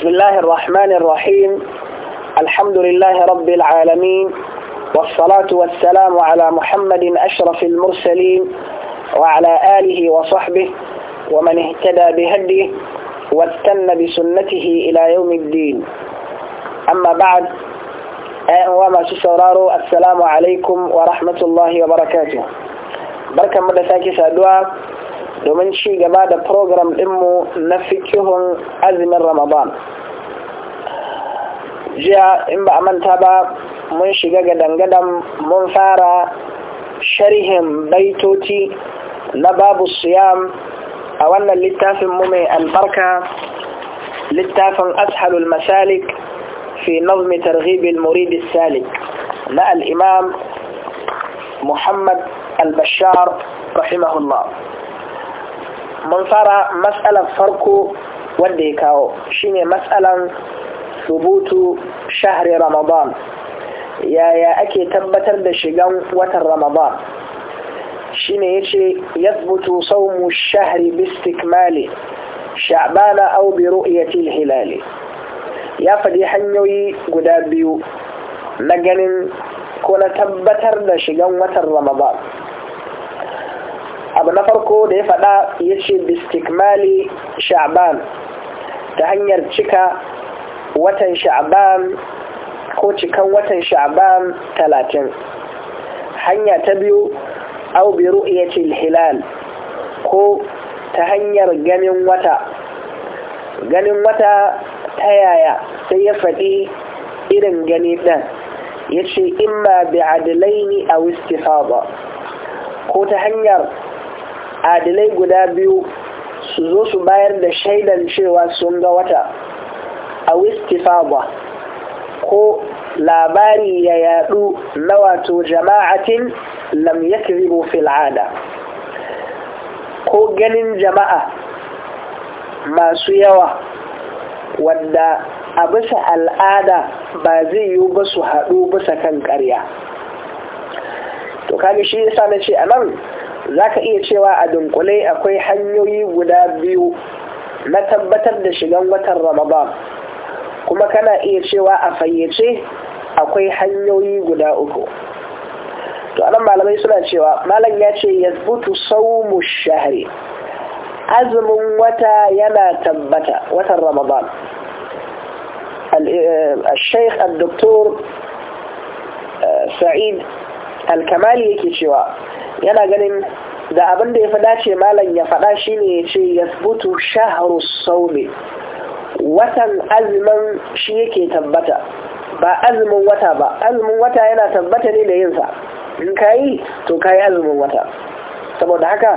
بسم الله الرحمن الرحيم الحمد لله رب العالمين والصلاة والسلام على محمد أشرف المرسلين وعلى آله وصحبه ومن اهتدى بهديه واستنى بسنته إلى يوم الدين أما بعد وما سسرارو السلام عليكم ورحمة الله وبركاته بركة مدى ساكي سادوا domin ci gaba da program ɗinmu na fikihun azumin ramadan jiya in ba a manta ba mun shiga ga dangadan mun fara sharhin baitoci na babu siyam a wannan littafin mu mai albarka littafin ashalul masalik fi nazmi targhibil murid salik na al-imam muhammad al-bashar rahimahullah mun fara matsalar farko wanda ya kawo shine matsalan rubutu shahri ramadan yaya ake tabbatar da shigan watan ramadan shine yace sau mu shahri Bistik Mali. sha'bana aw bi ru'yati hilali ya faɗi hanyoyi guda biyu na ganin ko na tabbatar da shigan watan ramadan abu na farko da ya faɗa ya ce bistikmali sha'ban ta hanyar cika watan sha'ban ko cikan watan sha'ban talatin hanya ta biyu au bi ru'yati hilal ko ta hanyar ganin wata ganin wata ta yaya sai ya faɗi irin gani ɗan ya ce imma bi adilaini a wistifaba ko ta hanyar adilai guda biyu su zo su bayar da shaidan cewa sun ga wata a wistifagwa ko labari ya yadu na wato jama'atin lam yakzibu fil ada ko ganin jama'a masu yawa wanda a bisa al'ada ba zai yiwu ba su haɗu bisa kan ƙarya to kaga shi yasa na ce a nan za ka iya cewa a dunkule akwai hanyoyi guda biyu na tabbatar da shigan watan ramadan kuma kana iya cewa a fayyace akwai hanyoyi guda uku to anan malamai suna cewa malam ya ce ya butu saumu shahari azumin wata yana tabbata watan ramadan eh, al-doktor eh, sa'id al-kamali yake cewa yana ganin da abin da ya fada ce malam ya faɗa shine ya ce yasbutu sau saumi watan azumin shi yake tabbata ba azumin wata ba azumin wata yana tabbata ne da yinsa in ka yi to ka yi azumin wata saboda haka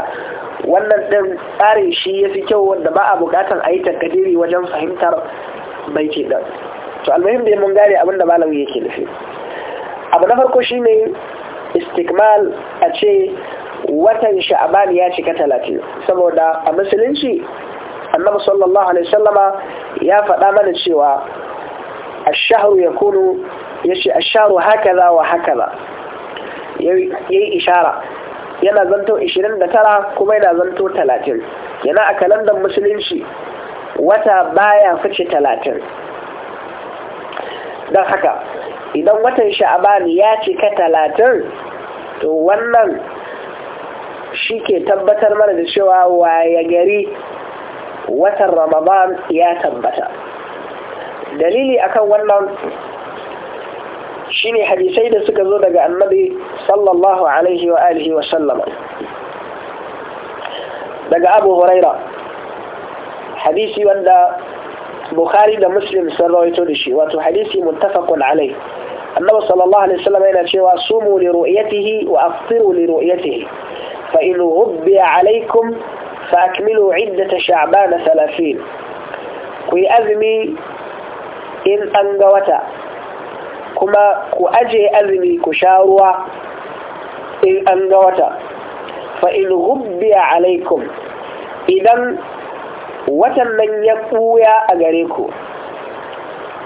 wannan ɗin tsarin shi ya fi kyau wanda ba a bukatar a yi takadiri wajen fahimtar baiti ɗin to almuhim dai mun gane abin da malam yake nufi abu na farko shine istikmal a ce watan sha'aban ya cika talatin saboda a musulunci annabi sallallahu alaihi sallama ya faɗa mana cewa ashahu ya kunu ya ce asharu hakaza wa hakaza ya yi ishara yana zanto 29 kuma yana zanto 30 yana a kalandar musulunci wata baya fice 30 don haka idan watan sha'aban ya cika talatin to wannan shi ke tabbatar mana da cewa waya gari watan ramadan ya tabbata dalili akan wannan shine hadisai da suka zo daga annabi sallallahu alaihi wa alihi wa sallama daga abu huraira hadisi wanda bukhari da muslim sun rawaito da shi wato hadisi muttafaqun alaihi annabi sallallahu alaihi wasallam yana cewa sumu li ru'yatihi wa afṭiru li ru'yatihi fa in ghubbiya alaykum fa akmilu 'iddat sha'ban 30 ku yi azumi in an wata kuma ku aje azumi ku sha ruwa in anga wata fa in ghubbiya alaykum idan watan nan ya buya a gare ku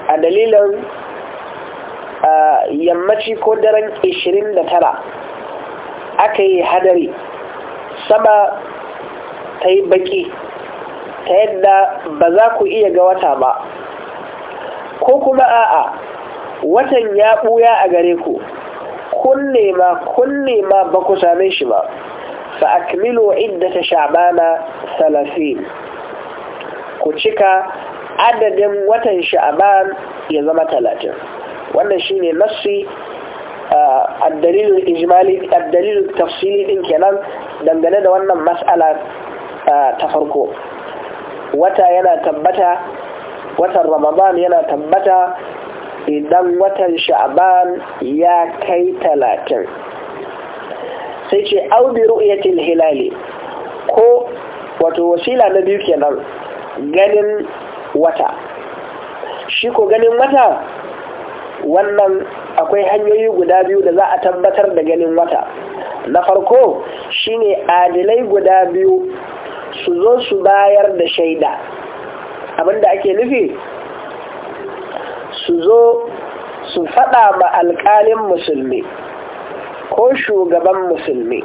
a dalilin yammaci ko daren 29 aka yi hadari sama ta yi baki ta yadda ba za ku iya ga wata ba ko kuma a'a watan ya ɓuya a gare ku kun nema kun nema ba ku same shi ba fa akmilu ta sha'bana salasin ku cika adadin watan sha'ban ya zama talatin wannan shine nassi addalilul ijmali addalilul tafsili ɗin kenan dangane da wannan mas'ala ta farko wata yana tabbata watan ramadan yana tabbata idan watan sha'ban ya kai talatin sai ce bi ru'yatil hilali ko wato wasila na biyu kenan ganin wata shi ko ganin wata wannan akwai hanyoyi guda biyu da za a tabbatar da ganin wata na farko shine adilai guda biyu su zo su bayar da shaida abinda ake nufi su zo su faɗa ma alƙalin musulmi ko shugaban musulmi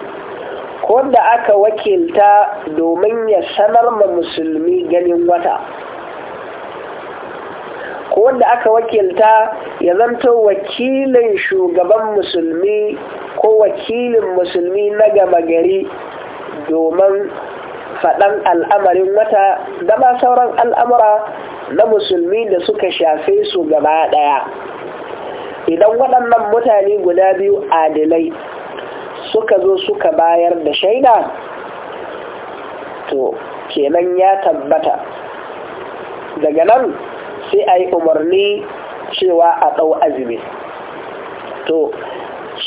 ko da aka wakilta domin ya sanar ma musulmi ganin wata ko wanda aka wakilta ya zanto wakilin shugaban musulmi ko wakilin musulmi na gama gari domin faɗan al'amarin wata da ma sauran al'amura na musulmi da suka shafe su gaba ɗaya idan waɗannan mutane guda biyu adilai suka zo suka bayar da shaida to kenan ya tabbata daga nan sai a yi umarni cewa a ɗau azumi to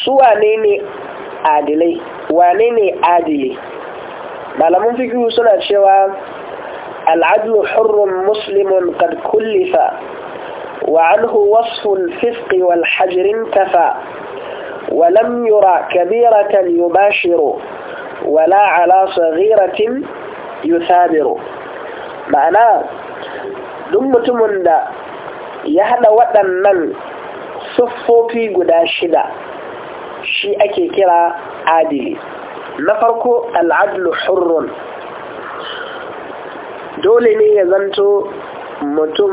su wane ne adilai wane ne adili malaman fikihu suna cewa al'adlu hurrun muslimun kad kullifa wa anhu wasful fisqi wal hajrin tafa wa lam yura kabiratan yubashiru wala ala saghiratin yuthabiru ma'ana duk mutumin da ya hada waɗannan siffofi guda shida shi ake kira adili na farko al'adlu hurrun dole ne ya zanto mutum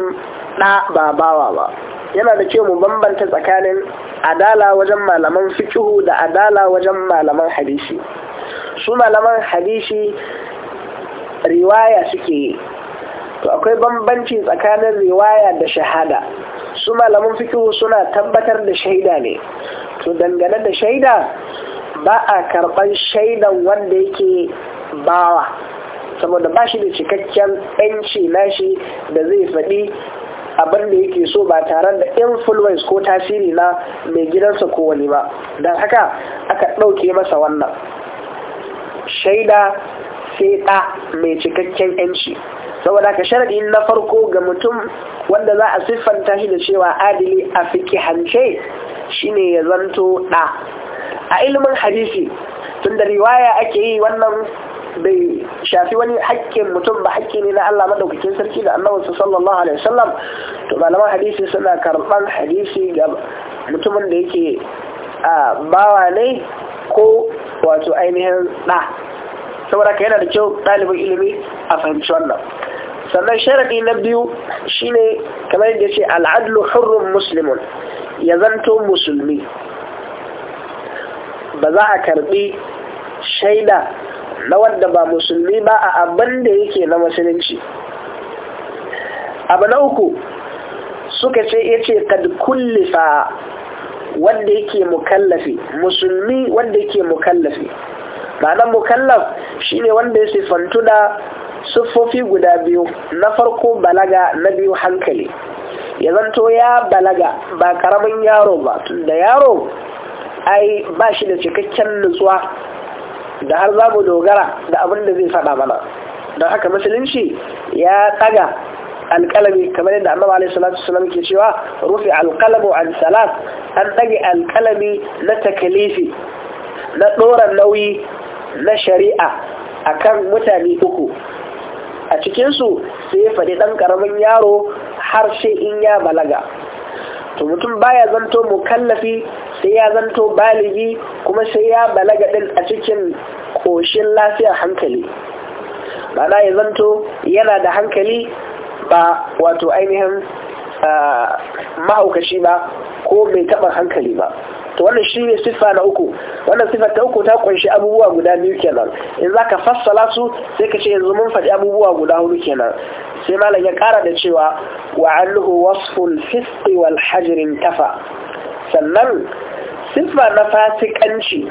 ɗa ba bawa ba yana da kyau mu bambanta tsakanin adala wajen malaman fikihu da adala wajen malaman hadisi su malaman hadisi riwaya suke yi to akwai bambanci tsakanin riwaya da shahada su malamin fikihu suna tabbatar da shaida ne to dangane da shaida ba a karban shaidan wanda yake bawa saboda ba shi da cikakken yanci nashi da zai faɗi abin da yake so ba tare da influence ko tasiri na mai gidansa ko wani ba don haka aka ɗauke masa wannan shaida sai ɗa mai cikakken yanci saboda ka sharadi na farko ga mutum wanda za a siffanta shi da cewa adili a fiki hance shine ya zanto ɗa a ilimin hadisi tun da riwaya ake yi wannan bai shafi wani hakkin mutum ba hakki ne na Allah madaukakin sarki da annabinsa sallallahu alaihi wasallam to malaman hadisi suna karban hadisi ga mutumin da yake bawa ne ko wato ainihin ɗa saboda ka yana da kyau ɗalibin ilimi a fahimci wannan sannan sharaɗi na biyu shine kamar yadda ce al'adlu hurrun musulmin ya zanto musulmi ba za a karɓi shaida na wadda ba musulmi ba a abin da yake na musulunci abu na uku suka ce ya ce kad kullifa wanda yake mukallafi musulmi wanda yake mukallafi na mukallaf shine wanda ya sifantu da siffofi guda biyu na farko balaga na biyu hankali ya zanto ya balaga ba karamin yaro ba da yaro ai ba shi da cikakken nutsuwa da har za mu dogara da abin da zai faɗa mana don haka musulunci ya tsaga alkalami kamar yadda annabi alaihi salatu wasallam ke cewa rufi alqalamu an salat an ɗage alkalami na takalifi na ɗora nauyi na shari'a akan mutane uku a cikinsu sai faɗi ɗan ƙaramin yaro har sai in ya balaga to mutum baya zanto mukallafi sai ya zanto baligi kuma sai ya balaga ɗin a cikin ƙoshin lafiyar hankali mana ya zanto yana da hankali ba wato ainihin ah, mahaukashi ba ko mai taɓa hankali ba to wannan shi ne siffa na uku wannan siffa ta uku ta kunshi abubuwa guda biyu kenan in za ka fassala su sai ka ce yanzu mun faɗi abubuwa guda hudu kenan sai malam ya ƙara da cewa wa alluhu wasful fisqi wal hajr tafa sannan siffa na fasikanci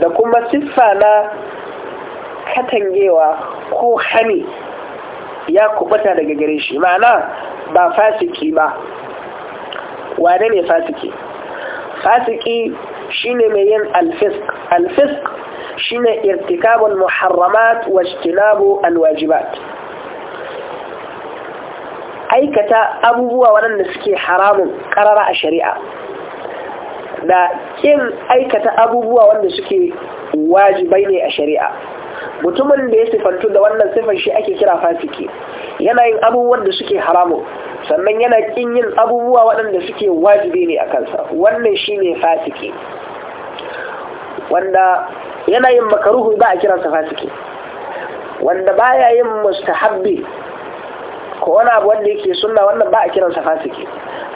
da kuma siffa na katangewa ko hani ya kubata daga gare shi ma'ana ba fasiki ba wane ne fasiki fasiki shine mai yin alfisk alfisk shine irtikabul muharramat wa ijtinabu alwajibat aikata abubuwa waɗanda suke haramun karara a shari'a da kin aikata abubuwa wanda suke wajibai ne a shari'a mutumin da ya sifantu da wannan sifan shi ake kira fasiki Yanayin abubuwan da suke haramun sannan yana kin yin abubuwa waɗanda suke wajibi ne a kansa wannan shine fasiki wanda yana yin makaruhu ba a kiransa fasiki wanda baya yin mustahabbi ko wani abu wanda yake suna wannan ba a kiransa fasiki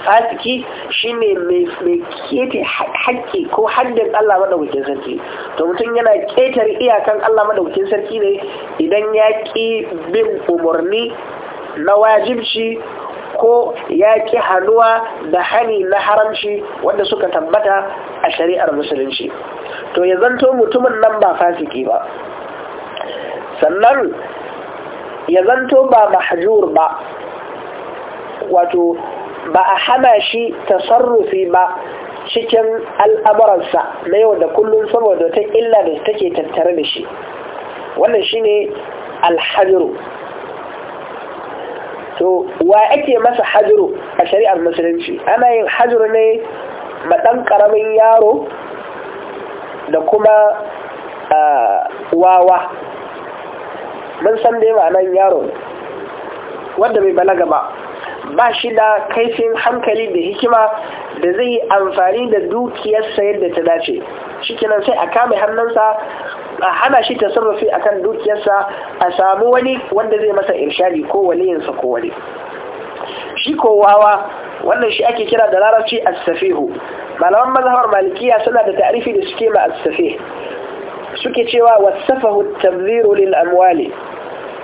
fasiki shine mai kete haƙƙi ko haddin Allah madaukakin sarki to mutum yana ƙetare iyakan Allah maɗaukin sarki ne idan ya ƙi bin umarni na wajibci ko ya ki hannuwa da hani na haramci wanda suka tabbata a shari'ar musulunci to ya zanto mutumin nan ba fasiki ba sannan ya zanto ba mahjur ba wato ba a hana shi tasarrufi ba cikin al'amuransa na yau da kullum saboda ta illa da take tattare da shi wannan shine alhajiru to wa ake masa hajiro a shari'ar musulunci ana yin hajiro ne ɗan ƙaramin yaro da kuma wawa mun san dai ma'anan yaro wanda bai balaga ba ba shi da kaifin hankali da hikima da zai yi amfani da dukiyarsa yadda ta dace shi kenan sai a kame hannunsa a hana shi tasarrufi akan dukiyarsa a samu wani wanda zai masa irshadi ko waliyinsa ko wani shi ko wawa wannan shi ake kira da larabci as-safihu malaman mazhabar malikiya suna da ta'rifi da suke ma as-safih suke cewa wasafahu at-tabdhiru lil amwali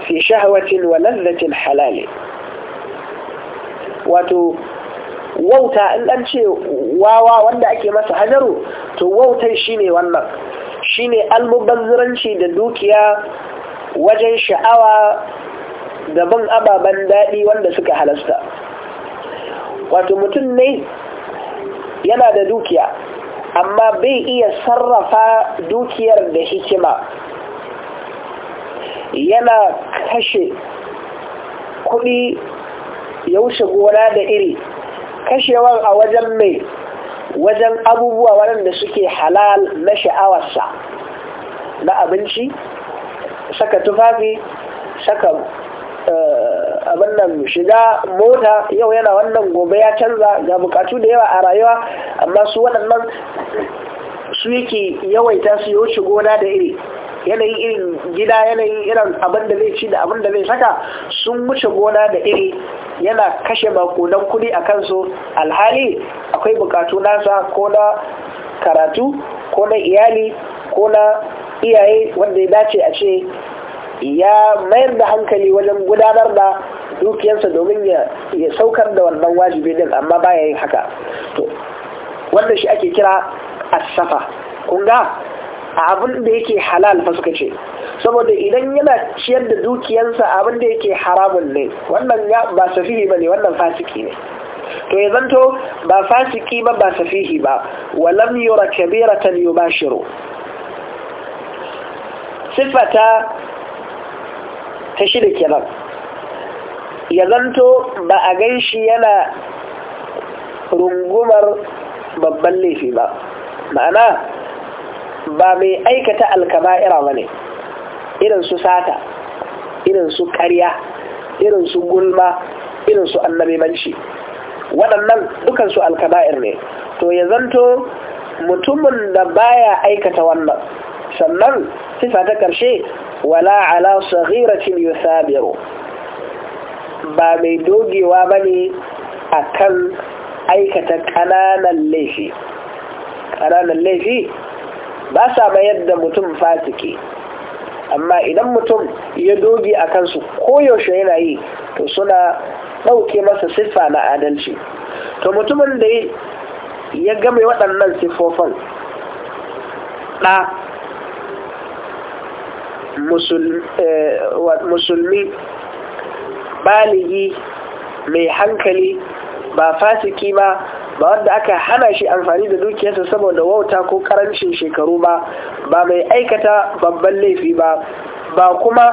fi shahwatin wa ladhatin Halali. wato wauta in an ce wawa wanda ake masa hajaru to wautai shine wannan shine almubazziranci da dukiya wajen sha'awa da bin ababen daɗi wanda suka halasta wato mutum ne yana da dukiya amma bai iya sarrafa dukiyar da hikima yana kashe kuɗi ya wuce gona da iri kashewan a wajen mai wajen abubuwa waɗanda suke halal na sha'awarsa na abinci saka tufafi saka eh, abin nan shiga mota yau yana wannan gobe ya canza ga bukatu da yawa a rayuwa amma su waɗannan su yake yawaita su yi wuce gona da iri yanayin irin gida yanayin irin abin da zai ci da abin da zai saka sun wuce gona da iri yana kashe makonan kudi a kansu alhali akwai bukatu nasa ko na karatu ko na iyali ko na iyaye wanda ya dace a ce ya mayar da hankali wajen gudanar da dukiyarsa domin ya saukar da wannan wajibi din amma baya yin haka to wanda shi ake kira asafa kunga ga abin da yake halal fa suka ce saboda idan yana ciyar da dukiyarsa abin da yake haramun ne wannan ba safihi ba ne wannan fasiki ne to ya zanto ba fasiki ba ba safihi ba walam yura kabiratan yubashiru sifata ta shida kenan ya zanto ba a gan shi yana rungumar babban laifi ba ma'ana ba mai aikata alkama ba ne irin su sata irin su karya irin su gulma irin su annabimanci waɗannan dukansu alkaba'ir ne to ya zanto mutumin da baya aikata wannan sannan sifa ta ƙarshe wala ala saghiratin yusabiru ba mai dogewa ba a kan aikata ƙananan laifi ƙananan laifi ba sa mayar da mutum fasiki amma idan mutum ya doge a kansu koyaushe yana yi to suna ɗauke masa siffa na adalci to mutumin da ya game waɗannan siffofin ɗa eh, musulmi baligi mai hankali ba fasiki ba ba wanda aka hana shi amfani da dukiyarsa saboda wauta ko karancin shekaru ba ba mai aikata babban laifi ba ba kuma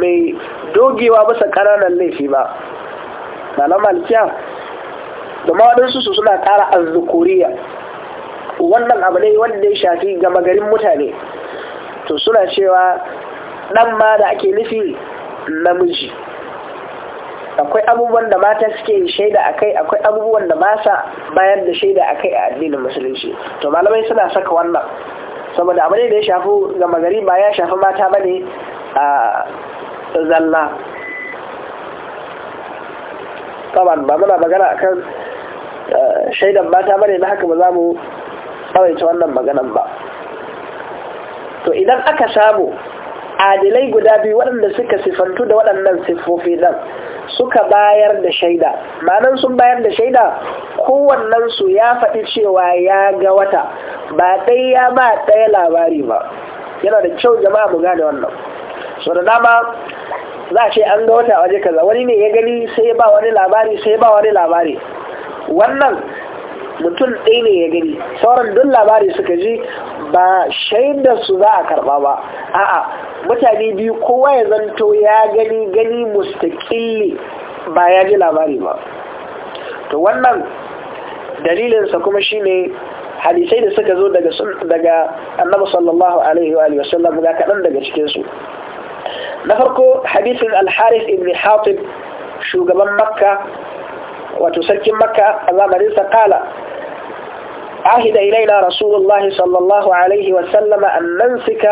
mai dogewa bisa ƙananan laifi ba na malikiya da waɗansu su suna ƙara azzukuriya wannan abu ne wanda ya shafi gama garin mutane to suna cewa ɗan ma da ake nufi namiji akwai abubuwan da mata suke shaida a kai akwai abubuwan da masa bayan da shaida a kai a addinin musulunci to malamai suna saka wannan saboda abu ne da ya shafi gama gari ba ya shafi mata ba ne zalla taban ba muna magana akan eh, shaidan mata bane na haka ba za mu tsawaita wannan maganan ba to idan aka samu adilai guda biyu waɗanda suka sifantu da waɗannan siffofi nan suka bayar da shaida ma'anan sun bayar da shaida kowannensu ya faɗi cewa ya ga wata ba ɗaya ya ba ɗaya labari ba yana da kyau jama'a mu gane wannan so da dama za a ce an ga wata waje kaza wani ne ya gani sai ba wani labari sai ba wani labari wannan mutum ɗaya ne ya gani sauran duk labari suka ji ba shaidar su za a karɓa ba a'a mutane biyu kowa ya zanto ya gani gani mustaƙilli ba ya ji labari ba to wannan dalilinsa kuma shine hadisai da suka zo daga annabi sallallahu alaihi wa sallam ga kaɗan daga cikinsu نفرق حديث الحارث بن حاطب شو قبل مكة وتسكن مكة الله مريسة قال عهد إلينا رسول الله صلى الله عليه وسلم أن ننسك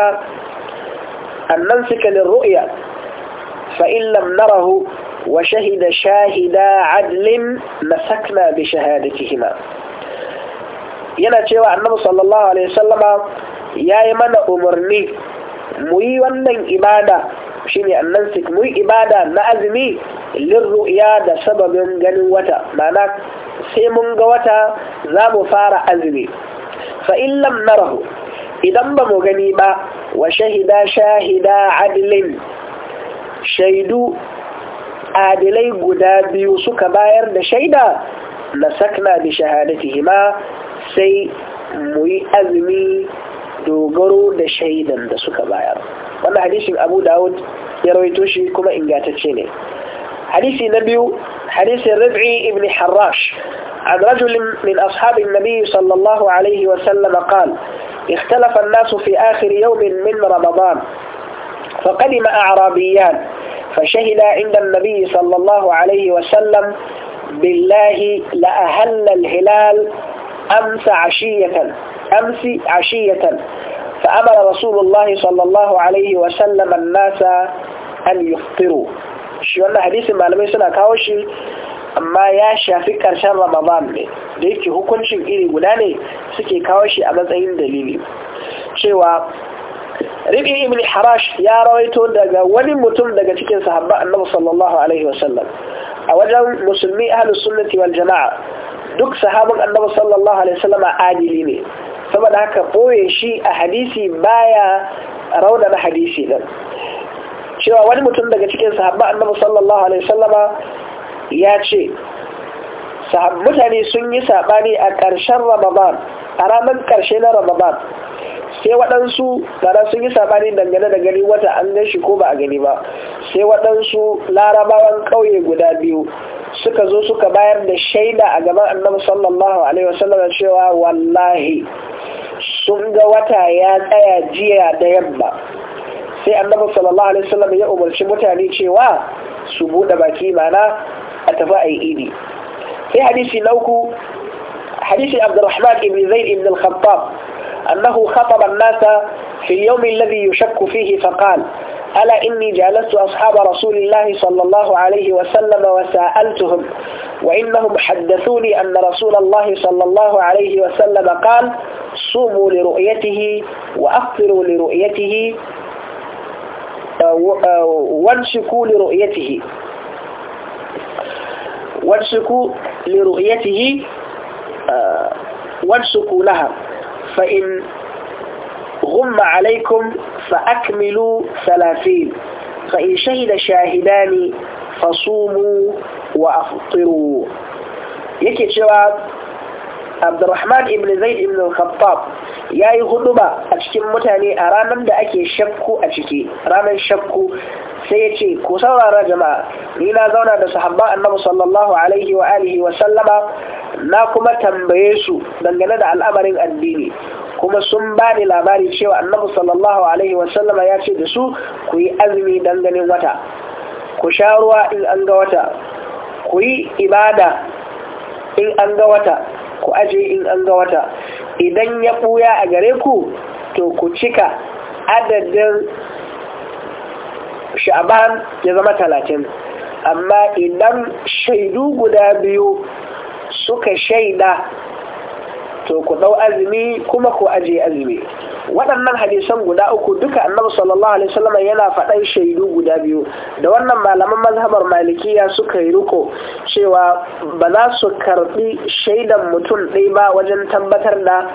أن ننسك للرؤية فإن لم نره وشهد شاهدا عدل مسكنا بشهادتهما ينا تيوى أنه صلى الله عليه وسلم يا يمن أمرني مي ونن إبادة shine annan sik mu ibada na azumi lirru'ya da sababin ganin wata ma'ana sai mun ga wata za mu fara azumi fa in lam narahu idan ba mu gani ba wa shahida shahida adilin shaidu adilai guda biyu suka bayar da shaida na sakna bi shahadatihima sai mu yi azumi dogaro da shaidan da suka bayar wannan hadisin abu dawud ya rawaito shi kuma ingantacce ne hadisi na biyu hadisin rabi'i ibn harash عن رجل من أصحاب النبي صلى الله عليه وسلم قال اختلف الناس في آخر يوم من رمضان فقدم أعرابيان فشهد عند النبي صلى الله عليه وسلم بالله لأهل الهلال أمس عشية أمس عشية فأمر رسول الله صلى الله عليه وسلم الناس أن يفطروا shi wannan hadisin malamai suna kawo shi amma ya shafi karshen ramadan ne da yake hukuncin iri guda ne suke kawo shi a matsayin dalili cewa ribi ibn harash ya rawaito daga wani mutum daga cikin sahabba annabi sallallahu alaihi a wajen musulmi ahlus sunnati wal jama'a duk sahabban annabi sallallahu alaihi wasallam adili ne saboda haka ɓoye shi a hadisi baya raunar hadisi nan cewa wani mutum daga cikin sahabba annabi sallallahu alaihi wasallama ya ce mutane sun yi sabani a ƙarshen ramadan a ranar ƙarshe na ramadan sai waɗansu gara sun yi sabani dangane da gani wata an gan shi ko ba a gani ba sai waɗansu larabawan ƙauye guda biyu suka zo suka bayar da shaida a gaban annabi sallallahu alaihi wasallam cewa wallahi sun ga wata ya tsaya jiya da yamma sai annabi sallallahu alaihi wasallam ya umarci mutane cewa su bude baki mana a tafi a yi idi sai hadisi na uku hadisi abdurrahman ibn zaid ibn al-khattab annahu khataba an-nasa fi al-yawm alladhi yushakku fihi faqala ألا إني جالست أصحاب رسول الله صلى الله عليه وسلم وسألتهم وإنهم حدثوني أن رسول الله صلى الله عليه وسلم قال صوموا لرؤيته وأفطروا لرؤيته آه، آه، وانشكوا لرؤيته وانشكوا لرؤيته آه، وانشكوا لها فإن غم عليكم فأكملوا ثلاثين فإن شهد شاهداني فصوموا وأفطروا يكي cewa abdurrahman ibn zaid ibn al-khattab ya yi huduba a cikin mutane a ranar da ake shakku a ciki ranar shakku sai ya ce ku saurara jama'a ni na zauna da sahabba annabi sallallahu alaihi wa alihi wa sallama na kuma tambaye su dangane da al'amarin addini kuma sun ba ni labari cewa annabi sallallahu alaihi wa sallama ya ce da su ku yi azumi ganin wata ku sha ruwa in an ga wata ku yi ibada in an ga wata ku aje in an ga wata idan ya ɓuya a gare ku to ku cika adadin sha'aban ya zama talatin amma idan shaidu guda biyu suka shaida to ku ɗau azumi kuma ku aje azumi waɗannan hadisan guda uku duka annabi sallallahu alaihi wasallam yana faɗan shaidu guda biyu da wannan malaman mazhabar malikiya suka yi riko cewa ba za su karɓi shaidan mutum ɗaya ba wajen tabbatar da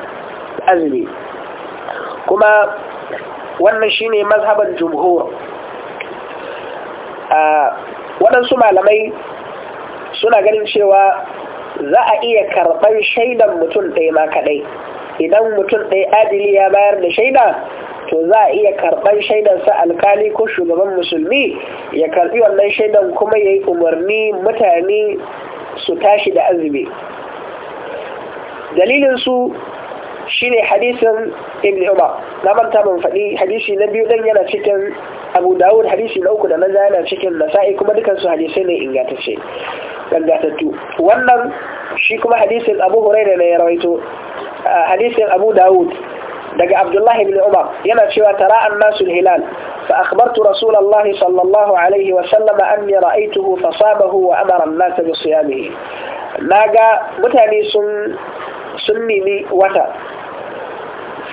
azumi kuma wannan shine mazhabar jumhur waɗansu malamai suna ganin cewa za a iya karɓar shaidan mutum ɗaya ma kaɗai idan mutum ɗaya adili ya bayar da shaida to za a iya karɓar shaidansa alkali ko shugaban musulmi ya karɓi wannan shaidan kuma ya yi umarni mutane su tashi da azumi dalilinsu shine hadisin ibn umar na manta mun faɗi hadisi na biyu dan yana cikin abu dawud hadisi na uku da na yana cikin nasa'i kuma dukansu hadisai ne ingantacce gangatattu wannan shi kuma hadisin abu huraira ne ya rawaito hadisin abu dawud daga abdullah ibn umar yana cewa tara annasul hilal fa akhbartu rasulullah sallallahu alaihi wa sallam anni ra'aytuhu fa sabahu wa amara an-nas bi siyamihi naga mutane sun sun nemi wata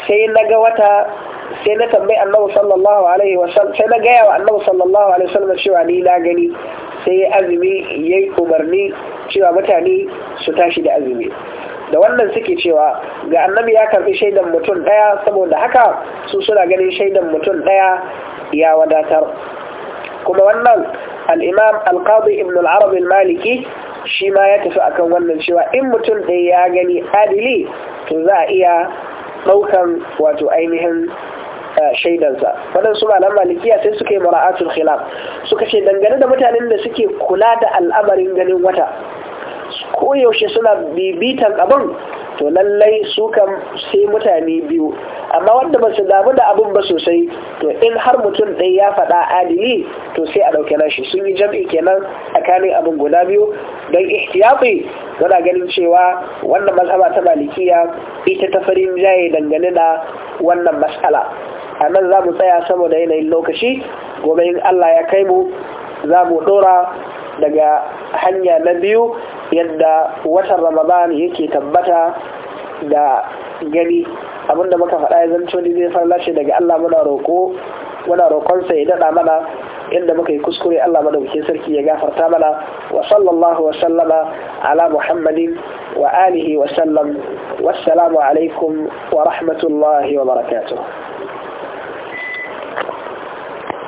sai na ga wata sai na tambayi annabu sallallahu alaihi wasallam sai na gaya wa annabi sallallahu alaihi wasallam cewa ni na gani sai ya azumi ya yi umarni cewa mutane su tashi da azumi da wannan suke cewa ga annabi ya karfi shaidan mutum daya saboda haka su suna ganin shaidan mutum daya ya wadatar kuma wannan al'imam alkazi ibn al'arab maliki shi ma ya tafi akan wannan cewa in mutum ɗaya ya gani adili to za a iya Daukan wato ainihin eh, shaidansa waɗansu malam malikiya sai suka yi mara'atul khilaf suka ce dangane da mutanen da suke kula da al'amarin ganin wata koyaushe suna bibitan abin to lallai su kan sai mutane biyu amma wanda ba su damu da abin ba sosai to in har mutum ɗaya ya faɗa adili to sai a ɗauke nashi sun yi jam'i kenan tsakanin abin guda biyu don ihtiyafi zana ganin cewa wannan mazhaba ta malikiya ita ta farin jaye dangane da wannan mas'ala a nan za mu tsaya saboda yanayin lokaci gobe in Allah ya kai mu za mu ɗora daga hanya na biyu yadda watan ramadan yake tabbata da gani abinda muka faɗa ya zanto ni zai lashe daga Allah muna roƙo muna roƙonsa ya daɗa mana inda muka yi kuskure Allah bikin sarki ya gafarta mana wa sallallahu wa sallama ala muhammadin wa alihi wa sallam wassalamu alaikum wa rahmatullahi wa barakatuh